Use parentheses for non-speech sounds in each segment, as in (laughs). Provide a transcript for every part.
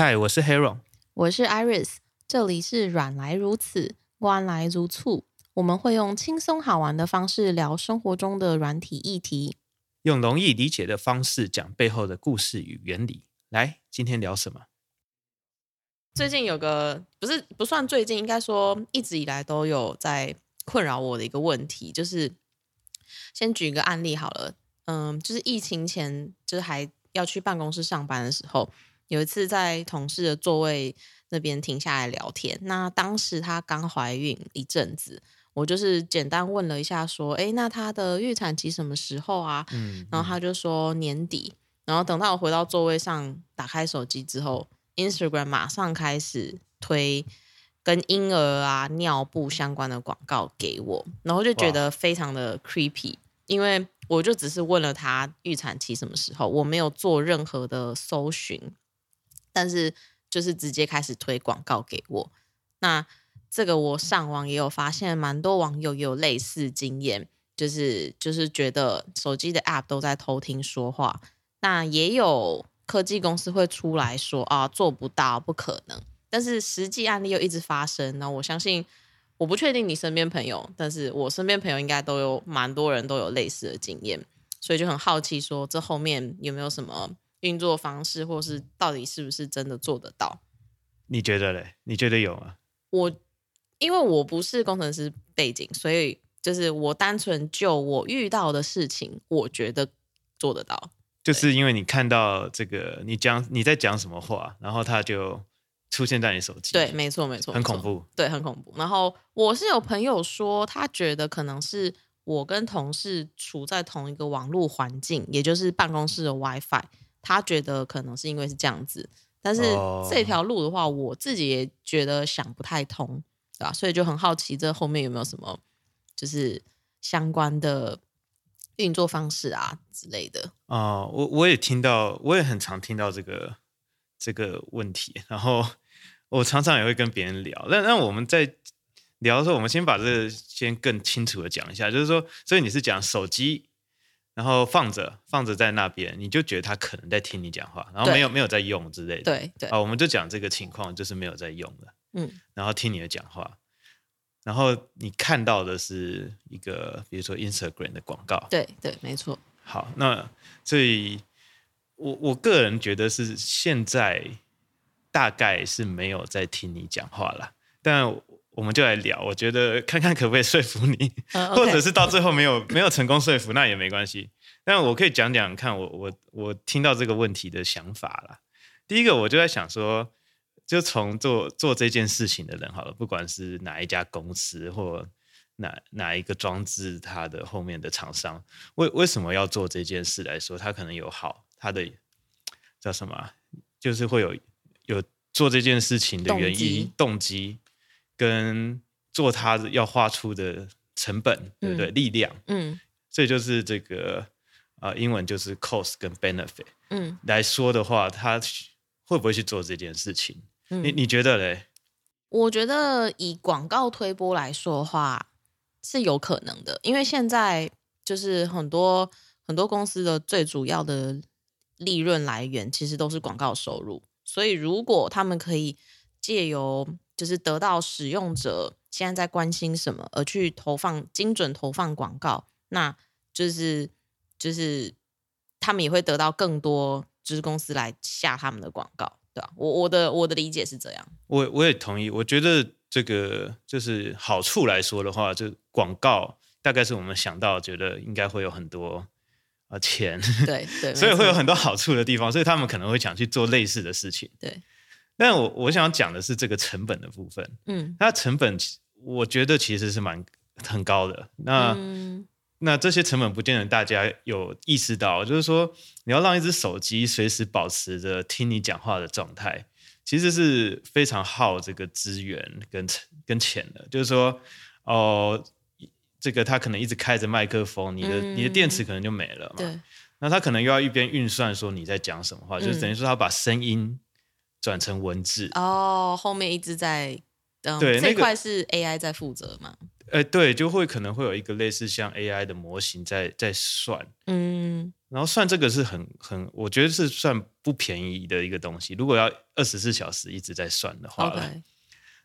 嗨，Hi, 我是 Hero，我是 Iris，這裡是軟來如此，彎來如醋。我們會用輕鬆好玩的方式聊生活中的軟體議題，用容易理解的方式講背後的故事與原理。來，今天聊什麼？最近有個不是，不算最近，應該說一直以來都有在困擾我的一個問題，就是先舉一個案例好了。嗯，就是疫情前，就是還要去辦公室上班的時候。有一次在同事的座位那邊停下來聊天，那當時她剛懷孕一陣子，我就是簡單問了一下，說：“哎，那她的預產期什麼時候啊？”嗯，嗯，然後她就說年底。然後等到我回到座位上，打開手機之後，Instagram 馬上開始推跟嬰兒啊、尿布相關的廣告給我，然後就覺得非常的 creepy，哇因為我就只是問了她預產期什麼時候，我沒有做任何的搜尋。但是，就是直接開始推廣告給我。那這個我上網也有發現，蠻多網友也有類似經驗，就是就是覺得手機的 app 都在偷聽說話。那也有科技公司會出來說啊，做不到，不可能。但是實際案例又一直發生。那我相信，我不確定你身邊朋友，但是我身邊朋友應該都有蠻多人都有類似的經驗，所以就很好奇，說這後面有沒有什麼？運作方式，或是到底是不是真的做得到？你覺得嘞？你覺得有嗎？我因為我不是工程師背景，所以就是我單純就我遇到的事情，我覺得做得到。就是因為你看到這個，你講你在講什麼話，然後它就出現在你手機。對，沒錯，沒錯，很恐怖，對，很恐怖。然後我是有朋友說，他覺得可能是我跟同事處在同一個網絡環境，也就是辦公室的 WiFi，他覺得可能是因為是這樣子，但是這條路的話，我自己也覺得想不太通，對吧？所以就很好奇這後面有沒有什麼就是相關的運作方式啊之類的。哦，我我也聽到，我也很常聽到這個這個問題，然後我常常也會跟別人聊。那那我們在聊的時候，我們先把這個先更清楚的講一下，就是說，所以你是講手機。然後放着放着在那邊，你就覺得他可能在聽你講話，然後沒有對沒有在用之類的。對對啊，我們就講這個情況，就是沒有在用了。嗯，然後聽你的講話，然後你看到的是一個比如說 Instagram 的廣告。對對，沒錯。好，那所以我我個人覺得是現在大概是沒有在聽你講話了，但。我們就來聊，我覺得看看可不可以說服你，uh, okay. 或者是到最後沒有沒有成功說服，那也沒關係。但我可以講講看我，我我我聽到這個問題的想法啦。第一個，我就在想說，就從做做這件事情的人好了，不管是哪一家公司或哪哪一個裝置，它的後面的廠商，為為什麼要做這件事來說，他可能有好他的叫什麼、啊，就是會有有做這件事情的原因動機機。動機跟做他要花出的成本，對不對？嗯、力量，嗯，所以就是這個，呃，英文就是 cost 跟 benefit，嗯，來說的話，他會不會去做這件事情？嗯，你你覺得嘞？我覺得以廣告推播來說的話，是有可能的，因為現在就是很多很多公司的最主要的利潤來源其實都是廣告收入，所以如果他們可以借由就是得到使用者現在在關心什麼，而去投放精準投放廣告，那就是就是他們也會得到更多就是公司來下他們的廣告，對吧、啊？我我的我的理解是這樣，我我也同意。我覺得這個就是好處來說的話，就廣告大概是我們想到，覺得應該會有很多啊、呃、錢，對對，對 (laughs) 所以會有很多好處的地方，沒錯，所以他們可能會想去做類似的事情，對。但我我想講的是這個成本的部分，嗯，它成本我覺得其實是蠻很高的。那、嗯、那這些成本不見得大家有意識到，就是說你要讓一只手機隨時保持着聽你講話的狀態，其實是非常耗這個資源跟跟錢的。就是說哦，這個它可能一直開着麥克風，你的、嗯、你的電池可能就沒了嘛。對那它可能又要一邊運算說你在講什麼話，就是、等於說它把聲音。嗯轉成文字哦，oh, 後面一直在等、嗯、對，這、那、塊、個、是，是 AI 在負責嗎？哎、欸，對，就會可能會有一個類似像 AI 的模型在在算，嗯，然後算這個是很很，我覺得是算不便宜的一個東西。如果要二十四小時一直在算的話，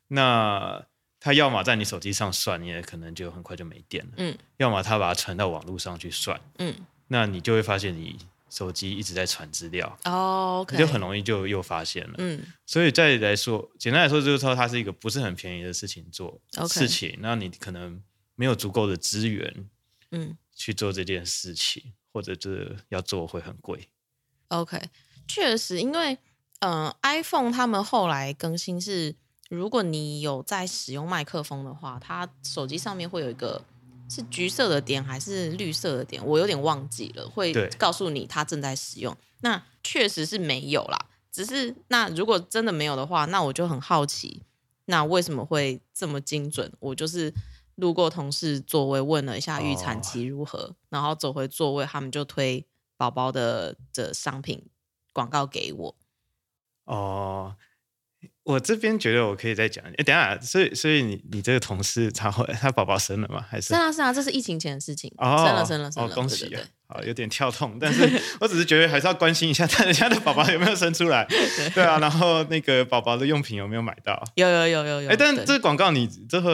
那他 Okay 要麼在你手機上算，你也可能就很快就沒電了，嗯；要麼他把它傳到網絡上去算，嗯，那你就會發現你。手機一直在傳資料，哦，oh, okay. 就很容易就又發現了，嗯，所以再來說，簡單來說就是說它是一個不是很便宜的事情做 Okay. 事情，那你可能沒有足夠的資源，嗯，去做這件事情，嗯、或者這要做會很貴。OK，確實，因為嗯、呃、iPhone 他們後來更新是，如果你有在使用麥克風的話，它手機上面會有一個。是橘色的點還是綠色的點？我有點忘記了，會告訴你他正在使用。對那確實是沒有啦，只是那如果真的沒有的話，那我就很好奇，那為什麼會這麼精準？我就是路過同事座位問了一下預產期如何，Oh. 然後走回座位，他們就推寶寶的的商品廣告給我。哦。Oh. 我這邊覺得我可以再講，哎，等下，所以所以你你這個同事他他寶寶生了嗎？還是是啊是啊，這是疫情前的事情，生了生了生了，恭喜啊！好有點跳痛，但是我只是覺得還是要關心一下，他人家的寶寶有沒有生出來？對啊，然後那個寶寶的用品有沒有買到？有有有有有。哎，但這個廣告你之後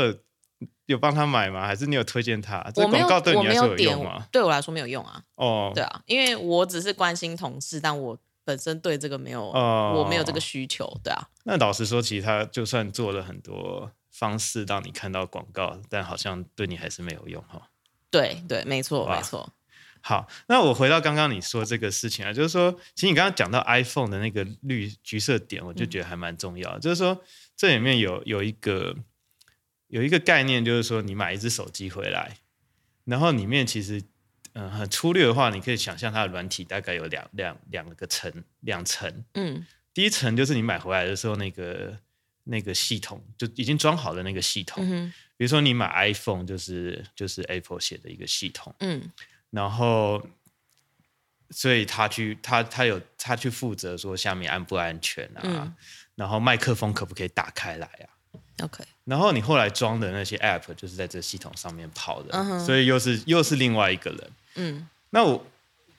有幫他買嗎？還是你有推薦他？這廣告對你來說有用嗎？對我來說沒有用啊。哦，對啊，因為我只是關心同事，但我。本身對這個沒有，哦、我沒有這個需求，對啊。那老實說，其實他就算做了很多方式讓你看到廣告，但好像對你還是沒有用哈。哦、對對，沒錯哇沒錯。好，那我回到剛剛你說這個事情啊，就是說，其實你剛剛講到 iPhone 的那個綠橘色點，嗯、我就覺得還蠻重要的。就是說，這裡面有有一個有一個概念，就是說，你買一只手機回來，然後裡面其實。嗯，很粗略的話，你可以想象它的軟體大概有兩兩兩個層，兩層。嗯，第一層就是你買回來的時候那個那個系統就已經裝好的那個系統。嗯哼。比如說你買 iPhone，就是就是 Apple 寫的一個系統。嗯。然後，所以他去他他有他去負責說下面安不安全啊？嗯、然後麥克風可不可以打開來啊？OK，然後你後來裝的那些 App 就是在這系統上面跑的，uh huh. 所以又是又是另外一個人。嗯，那我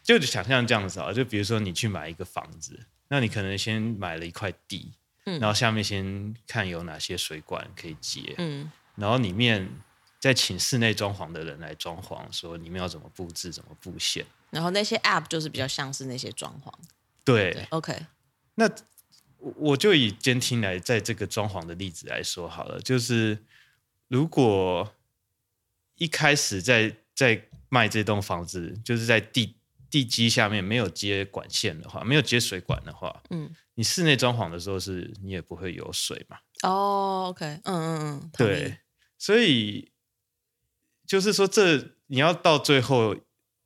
就想象這樣子啊，就比如說你去買一個房子，那你可能先買了一塊地，嗯、然後下面先看有哪些水管可以接，嗯，然後裡面再請室內裝潢的人來裝潢，說你們要怎麼佈置、怎麼佈線，然後那些 App 就是比較像是那些裝潢。對，對，OK，那。我就以監聽來在這個裝潢的例子來說好了，就是如果一開始在在賣這棟房子，就是在地地基下面沒有接管線的話，沒有接水管的話，嗯，你室內裝潢的時候是你也不會有水嘛？哦，oh，OK，嗯嗯嗯，對，所以就是說這，這你要到最後，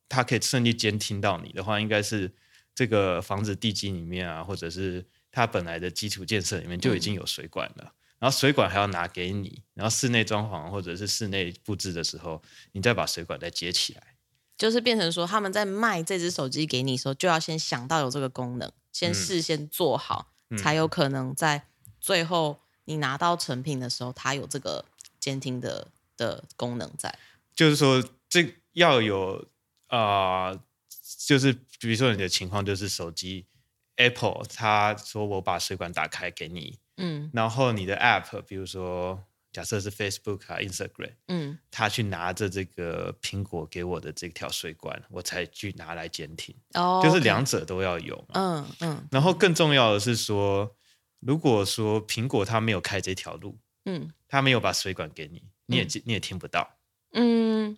他可以順利監聽到你的話，應該是這個房子地基裡面啊，或者是。它本來的基礎建設裡面就已經有水管了，嗯、然後水管還要拿給你，然後室內裝潢或者是室內佈置的時候，你再把水管再接起來，就是變成說他們在賣這隻手機給你的時候，就要先想到有這個功能，先事先做好，嗯、才有可能在最後你拿到成品的時候，它、嗯、有這個監聽的的功能在。就是說，這要有啊、呃，就是比如說你的情況，就是手機。Apple，他說：“我把水管打開給你，嗯、然後你的 App，比如說假設是 Facebook 啊、Instagram，他、嗯、去拿着這個蘋果給我的這條水管，我才去拿來監聽，oh, 就是兩者都要有嘛，然後更重要的是說，如果說蘋果它沒有開這條路，嗯、它沒有把水管給你，你也、嗯、你也聽不到，嗯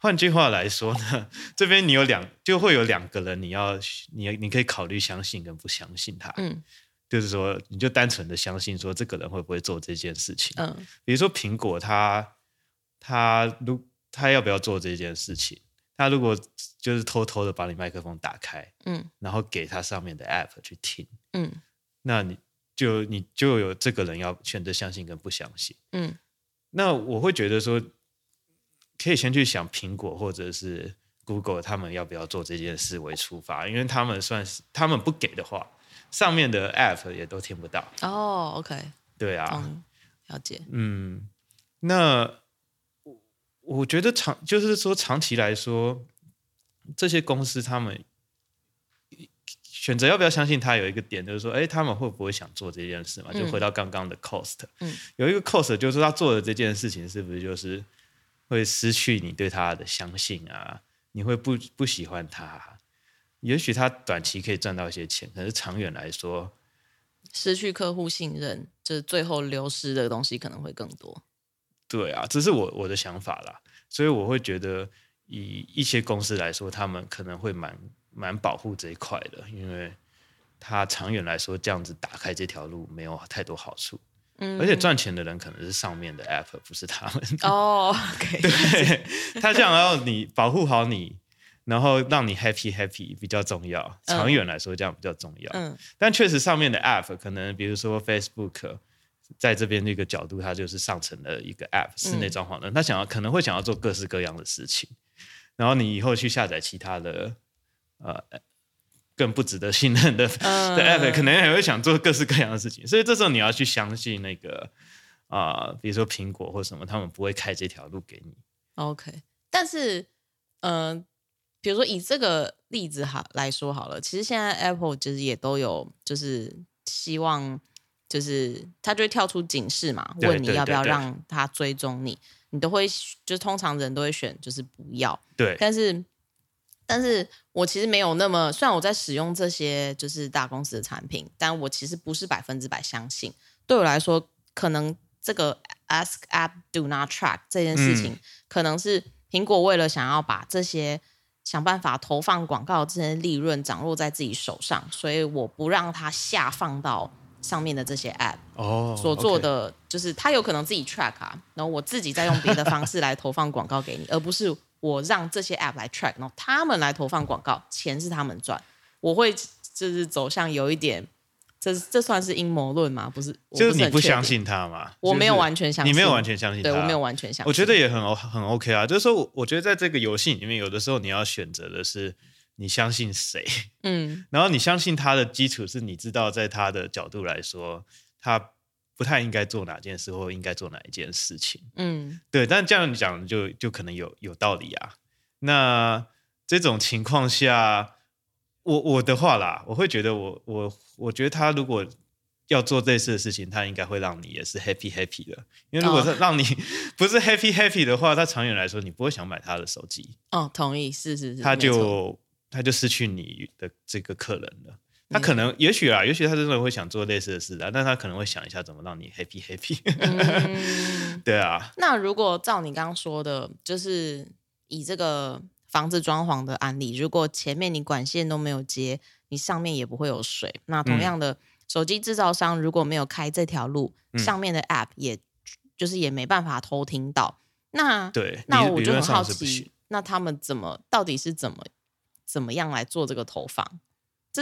換句話來說呢，這邊你有兩就會有兩個人你，你要你你可以考慮相信跟不相信他。嗯，就是說你就單純的相信說這個人會不會做這件事情。嗯，比如說蘋果他，他他如他要不要做這件事情？他如果就是偷偷的把你麥克風打開，嗯，然後給他上面的 app 去聽，嗯，那你就你就有這個人要選擇相信跟不相信。嗯，那我會覺得說。可以先去想蘋果或者是 Google 他們要不要做這件事為出發，因為他們算是，他們不給的話，上面的 App 也都聽不到。哦，oh，OK，對啊，oh，了解。嗯，那我我覺得長，就是說長期來說，這些公司他們選擇要不要相信他有一個點，就是說，哎、欸，他們會不會想做這件事嘛？就回到剛剛的 Cost，嗯，嗯，有一個 Cost 就是他做的這件事情是不是就是。會失去你對他的相信啊，你會不不喜歡他。也許他短期可以賺到一些錢，可是長遠來說，失去客戶信任，這、就是、最後流失的東西可能會更多。對啊，這是我我的想法啦。所以我會覺得，以一些公司來說，他們可能會蠻蠻保護這一塊的，因為他長遠來說，這樣子打開這條路沒有太多好處。而且賺錢的人可能是上面的 app，不是他們哦。Oh, okay. (laughs) 對，他想要你保護好你，然後讓你 happy happy 比較重要，長遠來說這樣比較重要。嗯。但確實上面的 app 可能，比如說 Facebook，在這邊那個角度，它就是上層的一個 app，室內裝潢的，他想要可能會想要做各式各樣的事情，然後你以後去下載其他的，呃更不值得信任的、嗯、的 App，可能還會想做各式各樣的事情，所以這時候你要去相信那個啊、呃，比如說蘋果或什麼，他們不會開這條路給你。OK，但是嗯、呃，比如說以這個例子哈來說好了，其實現在 Apple 就是也都有，就是希望就是它就會跳出警示嘛，對問你要不要讓它追蹤你，對對對對，你都會就通常人都會選就是不要。對，但是。但是我其實沒有那麼，雖然我在使用這些就是大公司的產品，但我其實不是百分之百相信。對我來說，可能這個 Ask App Do Not Track 這件事情，嗯、可能是蘋果為了想要把這些想辦法投放廣告的這些利潤掌握在自己手上，所以我不讓它下放到上面的這些 App。哦，所做的、哦、就是它有可能自己 track 啊，然後我自己再用別的方式來投放廣告給你， (laughs) 而不是。我讓這些 app 來 track，然後他們來投放廣告，錢是他們賺。我會就是走向有一點，這這是算是陰謀論嗎？不是，就是你不相信他嗎、啊？我沒有完全相信，你沒有完全相信，對，我沒有完全相信。我覺得也很很 OK 啊，就是說，我覺得在這個遊戲裡面，有的時候你要選擇的是你相信誰，嗯，然後你相信他的基礎是你知道在他的角度來說，他。不太應該做哪件事或應該做哪一件事情，嗯，對，但這樣講就就可能有有道理啊。那這種情況下，我我的話啦，我會覺得我我我覺得他如果要做類似的事情，他應該會讓你也是 happy happy 的，因為如果他讓你不是 happy happy 的話，他長遠來說你不會想買他的手機。哦，同意，是是是，他就錯他就失去你的這個客人了。他可能、嗯、也許啊，也許他真的會想做類似的事的、啊，但他可能會想一下怎麼讓你 happy happy、嗯。 (laughs) 對啊。那如果照你剛剛說的，就是以這個房子裝潢的案例，如果前面你管線都沒有接，你上面也不會有水。那同樣的，嗯、手機制造商如果沒有開這條路，嗯、上面的 app 也，就是也沒辦法偷聽到。那對，那我就很好奇，那他們怎麼到底是怎麼怎麼樣來做這個投放？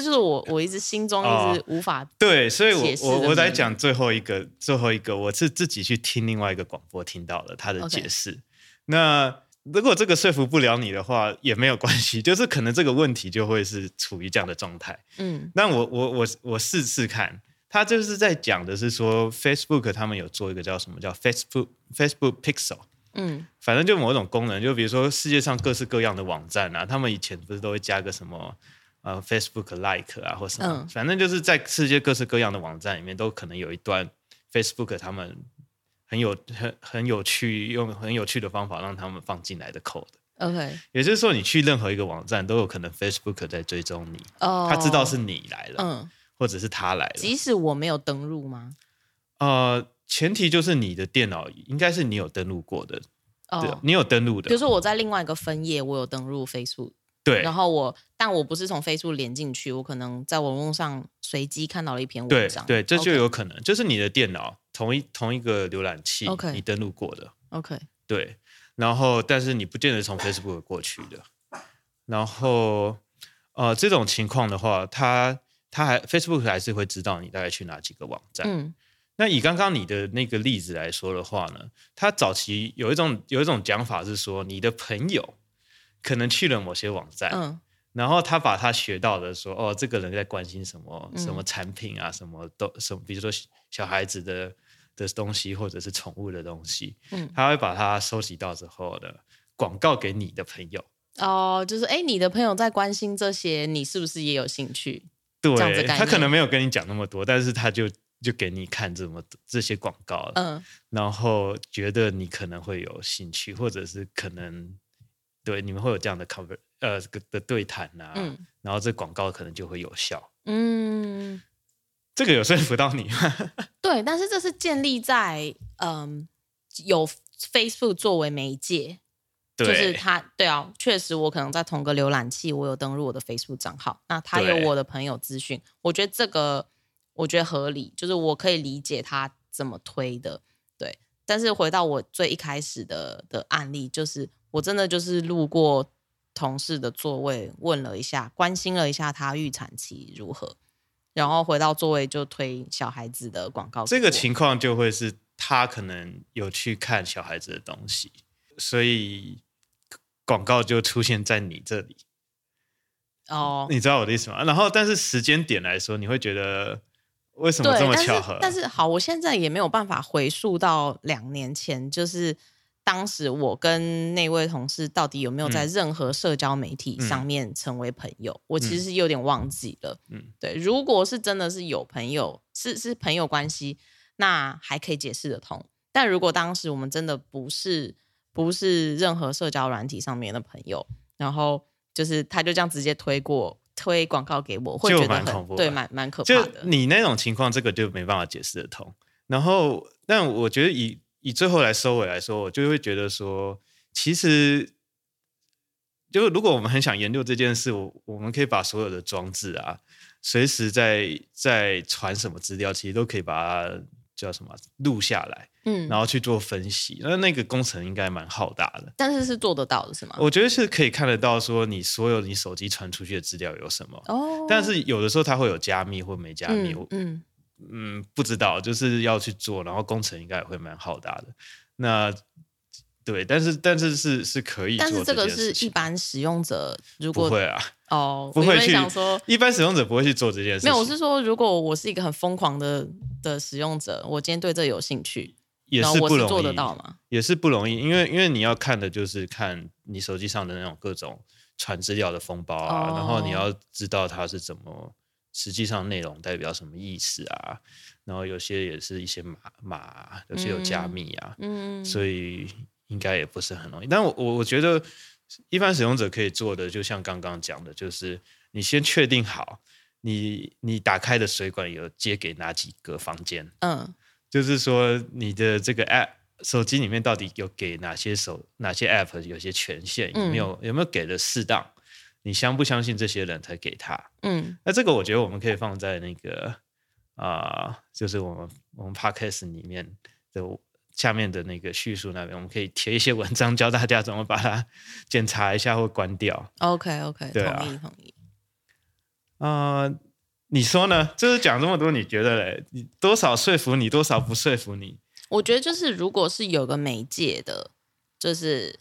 這就是我我一直心中一直無法、哦，對。所以我釋我，我我我在講最後一個最後一個，我是自己去聽另外一個廣播聽到了他的解釋。Okay. 那如果這個說服不了你的話，也沒有關係，就是可能這個問題就會是處於這樣的狀態。嗯，那我我我我試試看，他就是在講的是說，Facebook 他們有做一個叫什麼叫 Facebook Facebook Pixel，嗯，反正就某種功能，就比如說世界上各式各樣的網站啊，他們以前不是都會加個什麼。呃、uh,，Facebook like 啊，或什麼，嗯、反正就是在世界各式各樣的網站裡面，都可能有一段 Facebook 他們很有很很有趣，用很有趣的方法讓他們放進來的 code。OK，也就是說，你去任何一個網站，都有可能 Facebook 在追蹤你，oh, 他知道是你來了，嗯，或者是他來了。即使我沒有登錄嗎？呃，uh, 前提就是你的電腦應該是你有登錄過的，哦、oh,，對，你有登錄的。比如說我在另外一個分頁，我有登錄 Facebook。對，然後我，但我不是從 Facebook 連進去，我可能在網絡上隨機看到了一篇文章，對，對，這就有可能，Okay. 就是你的電腦同一同一個瀏覽器，你登錄過的，OK, okay. 對，然後但是你不見得從 Facebook 過去的，然後呃這種情況的話，他他還 Facebook 還是會知道你大概去哪幾個網站，嗯，那以剛剛你的那個例子來說的話呢，他早期有一種有一種講法是說你的朋友。可能去了某些網站，嗯、然後他把他學到的說哦，這個人在關心什麼什麼產品啊，嗯、什麼都什麼，比如說小孩子的的東西或者是寵物的東西，嗯、他會把他收集到之後的廣告給你的朋友。哦，就是哎，你的朋友在關心這些，你是不是也有興趣？對，他可能沒有跟你講那麼多，但是他就就給你看這麼多這些廣告，嗯，然後覺得你可能會有興趣，或者是可能。對，你們會有這樣的 cover 呃的對談吶、啊，嗯、然後這廣告可能就會有效。嗯，這個有說服到你嗎？對，但是這是建立在嗯、呃、有 Facebook 作為媒介，對就是他對啊，確實我可能在同個瀏覽器，我有登錄我的 Facebook 賬號，那他有我的朋友資訊，對我覺得這個我覺得合理，就是我可以理解他怎麼推的。但是回到我最一開始的的案例，就是我真的就是路過同事的座位，問了一下，關心了一下他預產期如何，然後回到座位就推小孩子的廣告。這個情況就會是他可能有去看小孩子的東西，所以廣告就出現在你這裡。哦，oh. 你知道我的意思嗎？然後，但是時間點來說，你會覺得。為什麼這麼巧合？對，但是，但是，好，我現在也沒有辦法回溯到兩年前，就是當時我跟那位同事到底有沒有在任何社交媒體上面成為朋友，嗯，我其實是有點忘記了。嗯，對，如果是真的是有朋友，是是朋友關係，那還可以解釋得通。但如果當時我們真的不是不是任何社交軟體上面的朋友，然後就是他就這樣直接推過。推廣告給我會覺得很，就蠻恐怖的。對，蠻蠻可怕的。就你那種情況，這個就沒辦法解釋得通。然後，但我覺得以以最後來收尾來說，我就會覺得說，其實就是如果我們很想研究這件事，我我們可以把所有的裝置啊，隨時在在傳什麼資料，其實都可以把它。叫什麼啊，錄下來，嗯，然後去做分析，那那個工程應該蠻浩大的，但是是做得到的，是嗎？我覺得是可以看得到，說你所有你手機傳出去的資料有什麼，哦，但是有的時候它會有加密或沒加密，嗯嗯，嗯，不知道，就是要去做，然後工程應該也會蠻浩大的，那。對，但是但是是是可以做，但是這個是一般使用者如果不會啊，哦，不會去想說一般使用者不會去做這件事情。沒有，我是說，如果我是一個很瘋狂的的使用者，我今天對這有興趣，也是不容易做得到嘛？也是不容易，因為因為你要看的就是看你手機上的那種各種傳資料的封包啊，哦，然後你要知道它是怎麼實際上內容代表什麼意思啊，然後有些也是一些碼碼啊，有些有加密啊，嗯，所以。應該也不是很容易，但我我我覺得一般使用者可以做的，就像剛剛講的，就是你先確定好你，你你打開的水管有接給哪幾個房間，嗯，就是說你的這個 app 手機裡面到底有給哪些手哪些 app 有些權限，有沒有、嗯、有沒有給的適當，你相不相信這些人才給他，嗯，那這個我覺得我們可以放在那個啊、呃，就是我們我們 podcast 裡面的。下面的那個敘述那邊，我們可以貼一些文章，教大家怎麼把它檢查一下或關掉。OK OK，同意、啊、同意。啊、呃，你說呢？就是講這麼多，你覺得嘞，你多少說服你，多少不說服你？我覺得就是，如果是有個媒介的，就是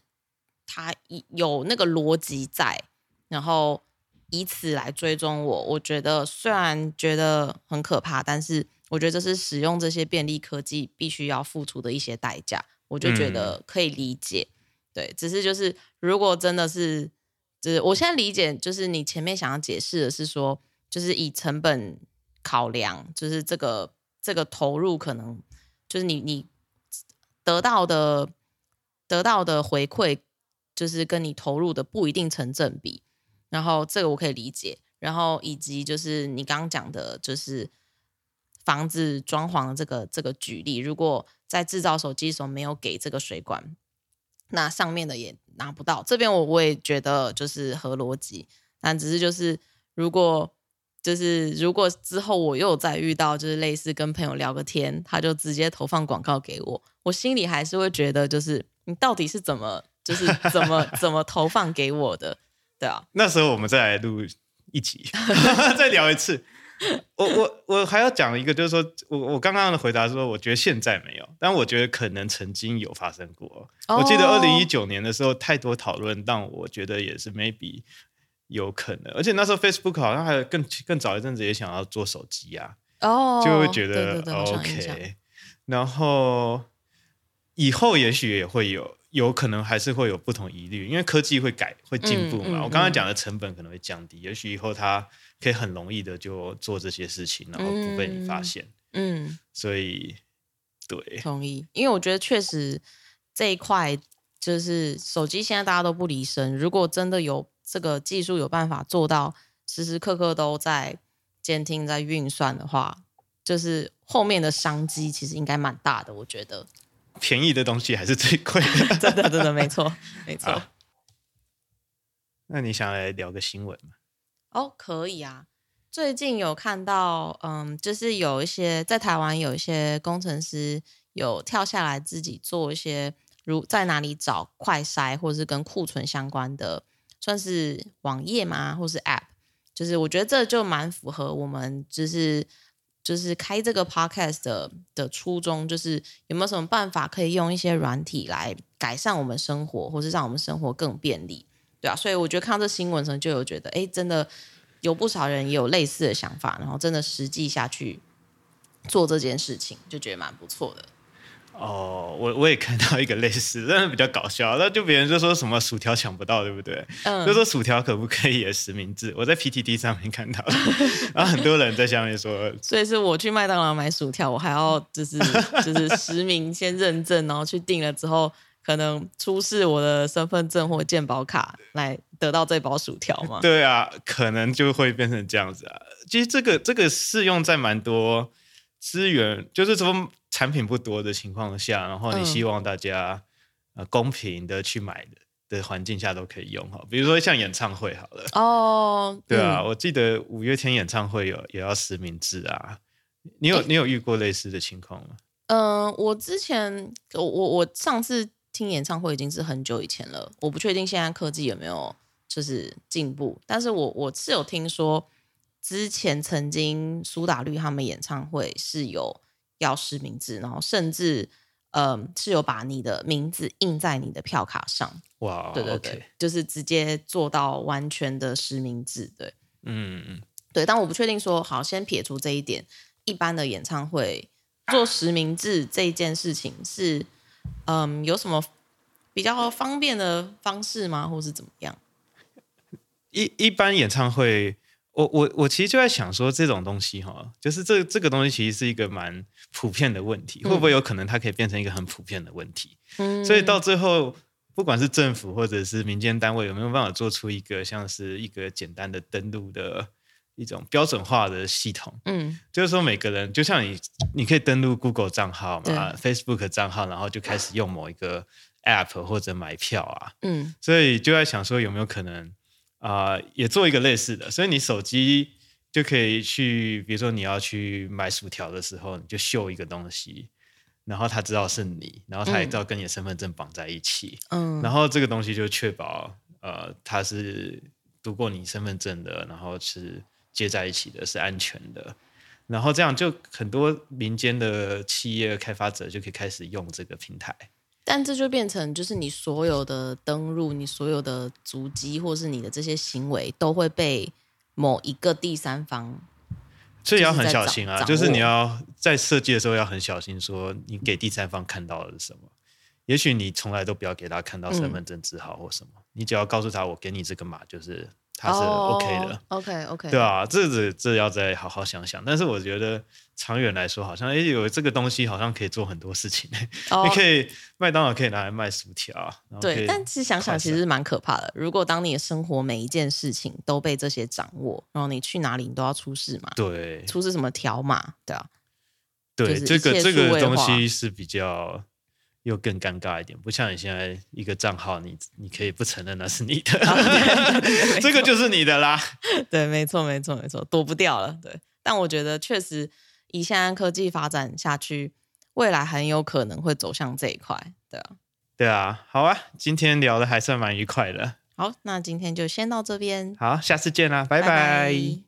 他有那個邏輯在，然後以此來追蹤我，我覺得雖然覺得很可怕，但是。我覺得這是使用這些便利科技必須要付出的一些代價，我就覺得可以理解。嗯、對，只是就是如果真的是，就是我現在理解，就是你前面想要解釋的是說，就是以成本考量，就是這個這個投入可能就是你你得到的得到的回饋，就是跟你投入的不一定成正比。然後這個我可以理解。然後以及就是你剛剛講的，就是。房子裝潢這個這個舉例，如果在製造手機的時候沒有給這個水管，那上面的也拿不到。這邊我我也覺得就是合邏輯，但只是就是如果就是如果之後我又再遇到就是類似跟朋友聊個天，他就直接投放廣告給我，我心裡還是會覺得就是你到底是怎麼就是怎麼 (laughs) 怎麼投放給我的？對啊，那時候我們再來錄一集， (laughs) 再聊一次。 (laughs) 我我我還要講一個，就是說我我剛剛的回答說，我覺得現在沒有，但我覺得可能曾經有發生過。Oh. 我記得二零一九年的時候，太多討論，但我覺得也是 maybe 有可能。而且那時候 Facebook 好像還有更更早一陣子也想要做手機啊，哦，就會覺得 OK。然後以後也許也會有。有可能還是會有不同疑慮，因為科技會改、會進步嘛。我剛剛講的成本可能會降低，嗯嗯嗯、也許以後它可以很容易的就做這些事情，然後不被你發現。嗯，嗯，所以對，同意。因為我覺得確實這一塊就是手機現在大家都不離身，如果真的有這個技術有辦法做到時時刻刻都在監聽、在運算的話，就是後面的商機其實應該蠻大的，我覺得。便宜的東西還是最貴 (laughs) ，的，真的真的沒錯沒錯。那你想來聊個新聞嗎？哦，可以啊。最近有看到，嗯，就是有一些在台灣有一些工程師有跳下來自己做一些，如在哪裡找快篩或是跟庫存相關的，算是網頁嗎？或是 App？就是我覺得這就蠻符合我們就是。就是開這個 podcast 的的初衷，就是有沒有什麼辦法可以用一些軟體來改善我們生活，或是讓我們生活更便利，對啊，所以我覺得看到這新聞的時候，就有覺得，哎、欸，真的有不少人也有類似的想法，然後真的實際下去做這件事情，就覺得蠻不錯的。哦，oh, 我我也看到一個類似，但是比較搞笑。那就別人就說什麼薯條搶不到，對不對？嗯、就說薯條可不可以也實名制？我在 PTT 上面看到， (laughs) 然後很多人在下面說，所以是我去麥當勞買薯條，我還要就是就是實名先認證， (laughs) 然後去訂了之後，可能出示我的身份證或健保卡來得到這包薯條嘛？對啊，可能就會變成這樣子啊。其實這個這個適用在蠻多資源，就是什麼。產品不多的情況下，然後你希望大家、嗯呃、公平的去買的的環境下都可以用哈，比如說像演唱會好了哦， (laughs) 對啊，嗯、我記得五月天演唱會有也要實名制啊，你有、欸、你有遇過類似的情況嗎？嗯、呃，我之前我我我上次聽演唱會已經是很久以前了，我不確定現在科技有沒有就是進步，但是我我是有聽說之前曾經蘇打綠他們演唱會是有。要實名制，然後甚至，嗯，是有把你的名字印在你的票卡上，哇，對對對，okay. 就是直接做到完全的實名制，對，嗯，對，但我不確定說，好，先撇除這一點，一般的演唱會做實名制這一件事情是，啊、嗯，有什麼比較方便的方式嗎，或是怎麼樣？一一般演唱會。我我我其實就在想說，這種東西哈，就是這這個東西其實是一個蠻普遍的問題，嗯，會不會有可能它可以變成一個很普遍的問題？嗯，所以到最後，不管是政府或者是民間單位，有沒有辦法做出一個像是一個簡單的登錄的一種標準化的系統？嗯，就是說每個人就像你，你可以登錄 Google 賬號嘛，嗯，Facebook 賬號，然後就開始用某一個 App 或者買票啊，嗯，所以就在想說有沒有可能？啊、呃，也做一個類似的，所以你手機就可以去，比如說你要去買薯條的時候，你就秀一個東西，然後他知道是你，然後他也知道跟你的身份證綁在一起，嗯，嗯，然後這個東西就確保呃他是讀過你身份證的，然後是接在一起的，是安全的，然後這樣就很多民間的企業開發者就可以開始用這個平台。但這就變成，就是你所有的登錄，你所有的足跡，或是你的這些行為，都會被某一個第三方。所以要很小心啊，握就是你要在設計的時候要很小心，說你給第三方看到了什麼。也許你從來都不要給他看到身份證字號或什麼，嗯、你只要告訴他，我給你這個碼就是。它是 OK 的，oh，OK OK，對啊，這這這要再好好想想。但是我覺得長遠來說，好像哎、欸、有這個東西，好像可以做很多事情。你、oh. 可以麥當勞可以拿來賣薯條，對。但是想想，其實蠻可怕的。如果當你的生活每一件事情都被這些掌握，然後你去哪裡你都要出示嘛？對，出示什麼條碼？對啊，對這個這個東西是比較，又更尷尬一點，不像你現在一個賬號，你你可以不承認那是你的，這個就是你的啦。 (laughs) 對，沒錯，沒錯，沒錯，躲不掉了。對，但我覺得確實以現在科技發展下去，未來很有可能會走向這一塊。對啊，對啊，好啊，今天聊得還算蠻愉快的。好，那今天就先到這邊。好，下次見啦，拜拜。拜拜。